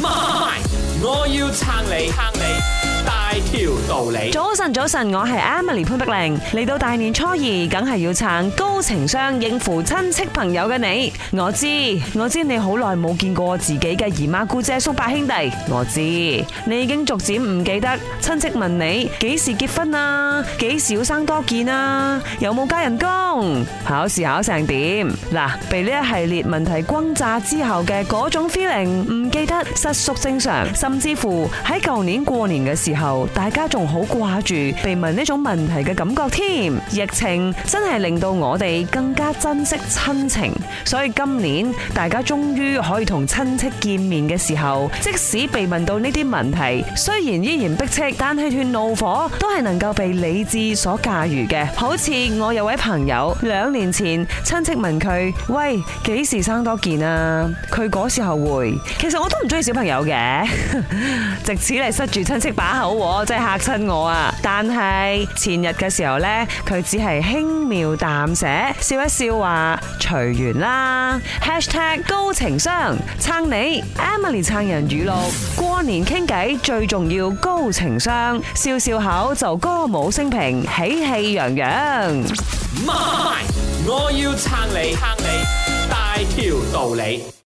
媽咪，我要撐你，撐你。條道理。早晨，早晨，我係 Emily 潘碧玲。嚟到大年初二，梗係要撐高情商應付親戚朋友嘅你。我知，我知你好耐冇見過自己嘅姨媽姑姐叔伯兄弟。我知你已經逐漸唔記得親戚問你幾時結婚啊，幾時生多件啊，有冇加人工，考試考成點。嗱，被呢一系列問題轟炸之後嘅嗰種 feeling，唔記得失縮正常，甚至乎喺舊年過年嘅時候。大家仲好掛住被問呢種問題嘅感覺添，疫情真係令到我哋更加珍惜親情，所以今年大家終於可以同親戚見面嘅時候，即使被問到呢啲問題，雖然依然逼斥，但係斷怒火都係能夠被理智所駕馭嘅。好似我有位朋友，兩年前，親戚問佢喂，幾時生多件啊？佢嗰時候會，其實我都唔中意小朋友嘅，直此嚟塞住親戚把口。我真係吓親我啊！但係前日嘅時候呢，佢只係輕描淡寫笑一笑，話隨緣啦。#hashtag 高情商撐你 Emily 撐人語錄過年傾偈最重要高情商，笑笑口就歌舞升平，喜氣洋洋。媽咪，我要撐你，撐你大條道理。